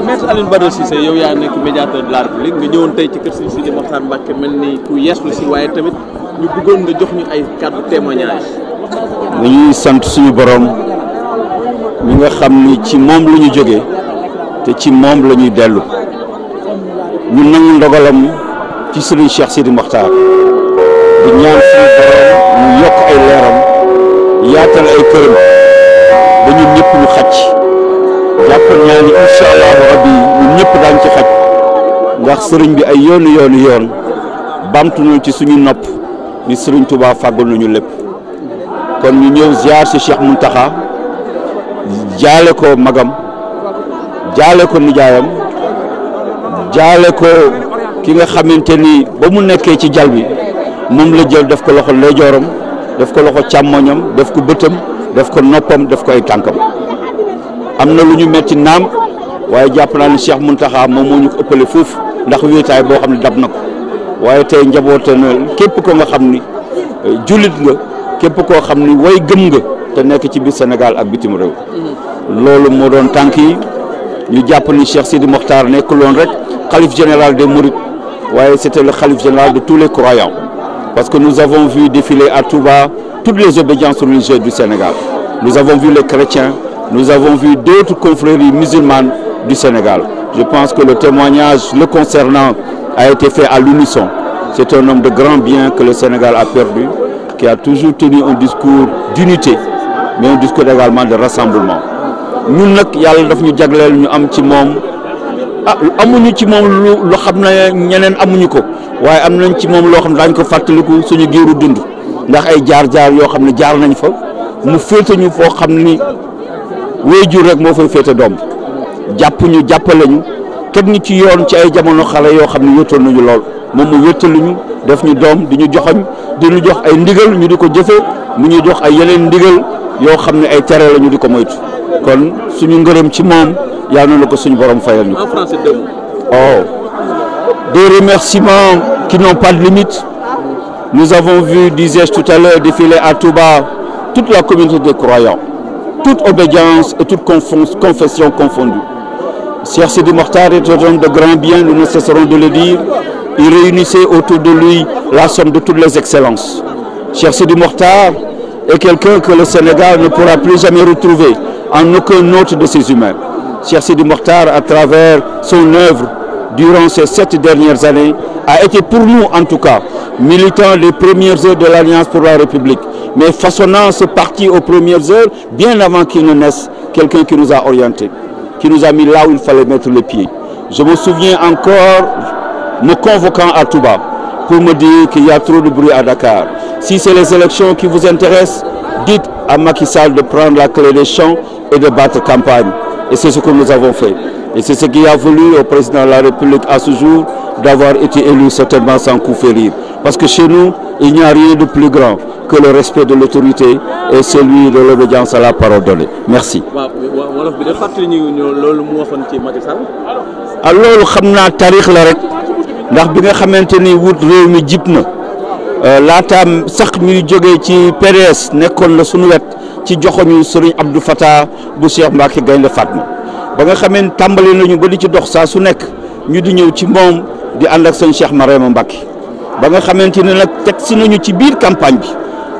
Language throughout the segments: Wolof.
voilà maître Alioune yow yaa nekk médiateur de la tey ci kër si Sidi Mokhtar ni ku yeeslu si waaye tamit ñu bëggoon nga jox ñu ay kàddu sant suñu borom mi nga xam ni ci moom la ñu jógee te ci moom lañuy dellu ñu nangu ndogalam ci sëriñ Cheikh Sidi Mokhtar di ñaan suñu borom mu yokk ay leeram yaatal ay këram kon ñëpp daañ ci xaj ndax sëriñ bi ay yoonu yoonu yoon bamtuñu ci suñu nopp ni sëriñ Touba fàggul nañu lépp kon ñu ñëw ziar si Cheikh Mountakha jaale ko magam jaale ko nijaayam jaale ko ki nga xamante ni ba mu nekkee ci jal bi moom la jël def ko loxo ndeyjooram def ko loxo càmmoñam def ko bëtam def ko noppam def ko ay tànkam am na lu ñu metti naam waaye jàpp naa ni Cheikh Mountakha moom moo ñu ko ëppale foofu ndax wéetaay boo xam ne dab na ko waaye tey njaboote na képp ko nga xam ni eh, jullit nga képp koo xam ni way gëm nga te nekk ci biir Sénégal ak bitim réew loolu moo doon tànk yi ñu jàpp ni si Sidi Mokhtar loon rek xalif général de Mourides waaye c'était le xalif général de tous les croyants parce que nous avons vu défiler à Touba toutes les obédiences religieuses du Sénégal nous Nous avons vu d'autres confréries musulmanes du Sénégal. Je pense que le témoignage le concernant a été fait à l'unisson. C'est un homme de grand bien que le Sénégal a perdu, qui a toujours tenu un discours d'unité, mais un discours également de rassemblement. ñun nag yàlla daf ñu jagleel ñu am ci moom ah amuñu ci moom lu xam ne ñeneen amuñu ko waaye am nañ ci moom loo xam ne daañu ko fàttaliku suñu giiru dund ndax ay jaar-jaar yoo xam ne jaar nañ fa foo waajur rek moo fay féete doom jàpp ñu jàppale ñu teg ci yoon ci ay jamono xale yoo xam ne wétoon nañu lool moom mu wéttaluñu def ñu doom di ñu joxoñ di ñu jox ay ndigal ñu di ko jëfe mu ñuy jox ay yeneen ndigal yoo xam ne ay tere lañu di ko moytu kon suñu ngërëm ci moom yal na ko suñu borom fayal ñu ko. en français deux mots. oh des remerciements qui n'ont pas de limite nous avons vu disais-je tout à l'heure défiler à Touba toute la communauté des toute obédience et toute confession confondue. Cheikh Sidi Mokhtar est un homme de grand bien, nous ne cesserons de le dire. Il réunissait autour de lui la somme de toutes les excellences. Cheikh Sidi Mokhtar est quelqu'un que le Sénégal ne pourra plus jamais retrouver en aucun autre de ses humains. Cheikh Sidi Mokhtar, à travers son œuvre durant ces sept dernières années, a été pour nous en tout cas militant les premières heures de l'Alliance pour la mais façonnant ce parti aux premières heures, bien avant qu'il ne naisse, quelqu'un qui nous a orientés, qui nous a mis là où il fallait mettre les pieds. Je me souviens encore me convoquant à Touba pour me dire qu'il y a trop de bruit à Dakar. Si c'est les élections qui vous intéressent, dites à Macky Sall de prendre la clé des champs et de battre campagne. Et c'est ce que nous avons fait. Et c'est ce qui a voulu au président de la République à ce jour d'avoir été élu certainement sans coup férir. Parce que chez nous, il n'y a rien de plus grand que le respect de l'autorité et celui de l'obédience à la parole donnée. Merci. ah loolu xam la rek ndax bi nga xamante ni wut réew mi jib na euh, laataam sax ñuy jógee ci PDS nekkoon la suñu wet ci joxoñu Serigne Abdou Fattah bu Cheikh Mbacké Gaïndé Fatma ba nga xamee tàmbali nañu ba di ci dox saa su nekk ñu di ñëw ci moom di ànd ak sëñ Cheikh Marema Mbacke ba nga xamante ne nag teg si nañu ci biir campagne bi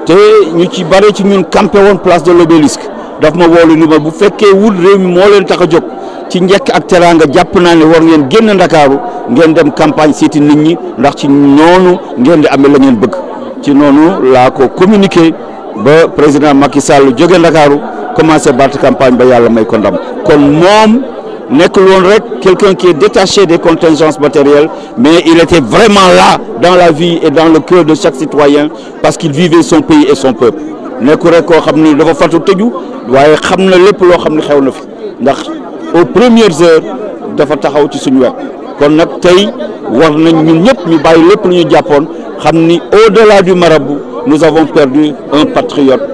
te ñu ci bare ci ñun campé woon place de l'obélisque daf ma woolu ni ma bu fekkee wut réew moo leen tax a jóg ci njëkk ak teraanga jàpp naa ne war ngeen génn ndakaaru ngeen dem campagne seeti nit ñi ndax ci noonu ngeen di amee la ngeen bëgg ci noonu laa ko communiqué ba président Macky Sall jóge ndakaaru commencé battre campagne ba yàlla may ko ndam kon moom nekkul woon rek quelqu'un qui est détaché des contingences matérielles mais il était vraiment là dans la vie et dans le cœur de chaque citoyen parce qu'il vivait son pays et son peuple nekkul rek koo xam ni dafa fatu tëju waaye xam na lépp loo xam ne xew na fi ndax aux premières heures dafa taxaw ci suñu wet kon nag tey war nañ ñun ñëpp ñu bàyyi lépp lu ñu jàppoon xam ni au-delà du marabout nous avons perdu un patriote